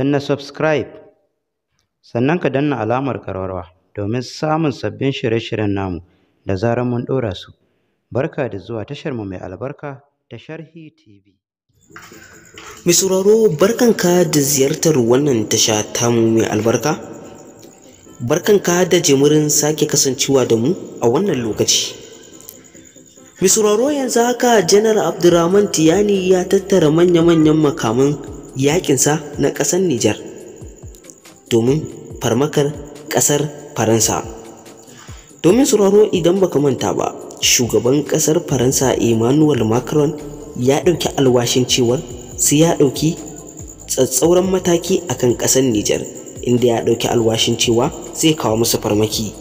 na subscribe sannan ka danna alamar karwarwa domin samun sabbin shirye-shiryen namu da zarar mun ɗora su barka da zuwa tashar mu mai albarka ta sharhi tv mai sauraro barkanka da ziyartar wannan tasha mu mai albarka barkanka da jimirin sake kasancewa da mu a wannan lokaci mai sauraro yanzu haka janar abdurrahman tiyani ya tattara manya-manyan makaman yaƙinsa na ƙasar Nijar domin farmakar ƙasar Faransa. Domin sauraro idan baka manta ba, shugaban ƙasar Faransa Emmanuel Macron ya ɗauki alwashin cewar sai ya ɗauki tsatsauran mataki a kan ƙasar Nijar inda ya ɗauki alwashin cewa zai kawo musu farmaki.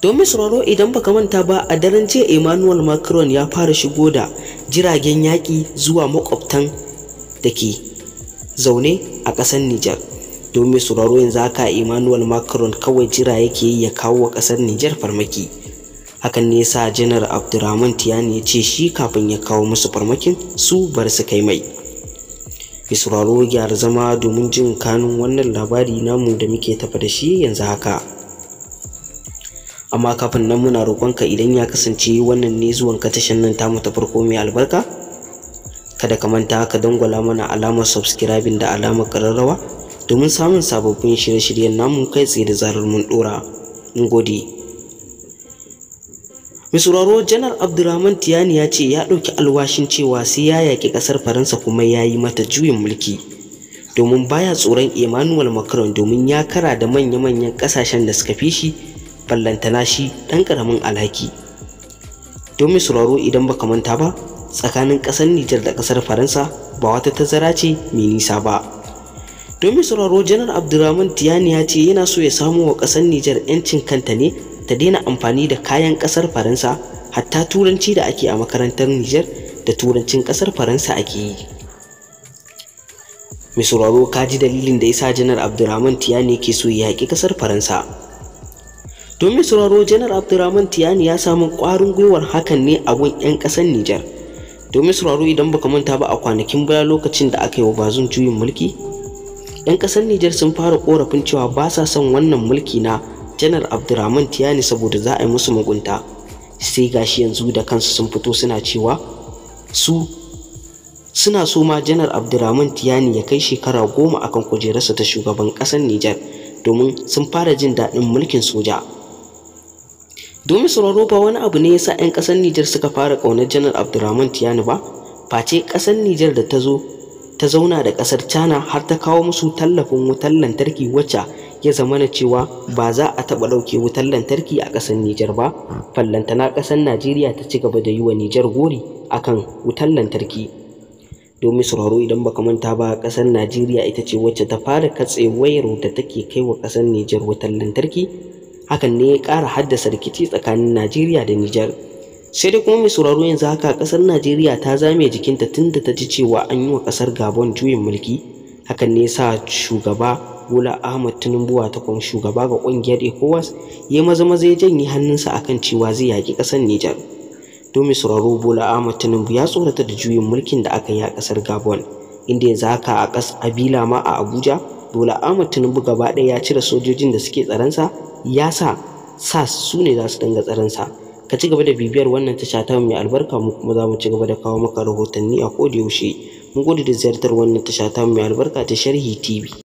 Domin sauraro idan baka manta ba a daren jiya Emmanuel Macron ya fara shigo da jiragen yaƙi zuwa maƙwabtan da zaune a ƙasar Nijar. mai sauraro yanzu haka Emmanuel Macron kawai jira yake ya kawo wa ƙasar Nijar farmaki. Hakan ne sa Janar Abdurrahman Tiyani ya ce shi kafin ya kawo musu farmakin su bar su kai mai. Mai sauraro gyara zama domin jin kanun wannan labari namu da muke tafa da shi yanzu haka. amma kafin nan muna roƙonka idan ya kasance wannan ne zuwanka tashin nan tamu ta farko mai albarka kada ka manta ka dangwala mana alamar subscribing da alamar kararrawa domin samun sababbin shirye-shiryen namun kai tsaye da zarar mun dora mun gode misuraro janar abdulrahman tiyani ya ce ya ɗauki alwashin cewa sai ya yaƙi ƙasar faransa kuma ya yi mata juyin mulki domin baya tsoron emmanuel macron domin ya kara da manya-manyan ƙasashen da suka fi shi ballantana shi ɗan ƙaramin alhaki domin sauraro idan baka manta ba tsakanin ƙasar Nijar da ƙasar Faransa ba wata tazara ce mai nisa ba. Domin sauraro janar Abdulrahman Tiyani ya ce yana so ya samu wa ƙasar Nijar 'yancin kanta ne ta daina amfani da kayan ƙasar Faransa hatta turanci da ake a makarantar Nijar da turancin ƙasar Faransa ake yi. Mai sauraro ka ji dalilin da yasa janar Abdulrahman Tiyani ke so ya yaƙi ƙasar Faransa. domin sauraro janar abdurrahman tiyani ya samu ƙwarin gwiwar hakan ne a gun 'yan ƙasar nijar domin sauraro idan baka manta ba a kwanakin baya lokacin da aka yi wa bazun juyin mulki yan kasar Nijar sun fara korafin cewa ba sa son wannan mulki na janar abdurrahman tiyani saboda za a yi musu mugunta sai gashi yanzu da kansu sun fito suna cewa su suna so ma janar abdurrahman tiyani ya kai shekara goma akan kujerarsa ta shugaban kasar Nijar domin sun fara jin daɗin mulkin soja domin sauraro ba wani abu ne yasa 'yan ƙasar Nijar suka fara ƙaunar janar Abdurrahman Tiyani ba face ƙasar Nijar da ta zo ta zauna da ƙasar China har ta kawo musu tallafin wutar lantarki wacce ya zama na cewa ba za a taɓa ɗauke wutar lantarki a ƙasar Nijar ba fallantana ƙasar Najeriya ta ci gaba da yi wa Nijar gori akan wutar lantarki domin sauraro idan baka manta ba ƙasar Najeriya ita ce wacce ta fara katse wayar da take kai wa ƙasar Nijar wutar lantarki hakan ne ya ƙara haddasa rikici tsakanin najeriya da nijar sai dai kuma mai sauraro yanzu haka ƙasar najeriya ta zame jikinta tunda ta ji cewa an yi wa ƙasar gabon juyin mulki hakan ne sa shugaba Bola Ahmad Tinubu ta kuma shugaba ga ƙungiyar ECOWAS ya maza maza ya janye hannunsa kan cewa zai yaƙi ƙasar Nijar. Domin sauraro Bola Ahmad Tinubu ya tsorata da juyin mulkin da aka yi a ƙasar Gabon inda yanzu haka a ƙasar Abila ma a Abuja Bola Ahmad Tinubu gaba ɗaya ya cire sojojin da suke tsaronsa ya sa sas su ne za su dinga tsaronsa ka ci gaba da bibiyar wannan tasha ta mai albarka mu kuma za mu ci gaba da kawo maka rahotanni a koda yaushe mun gode da ziyartar wannan tasha ta mai albarka ta sharhi tv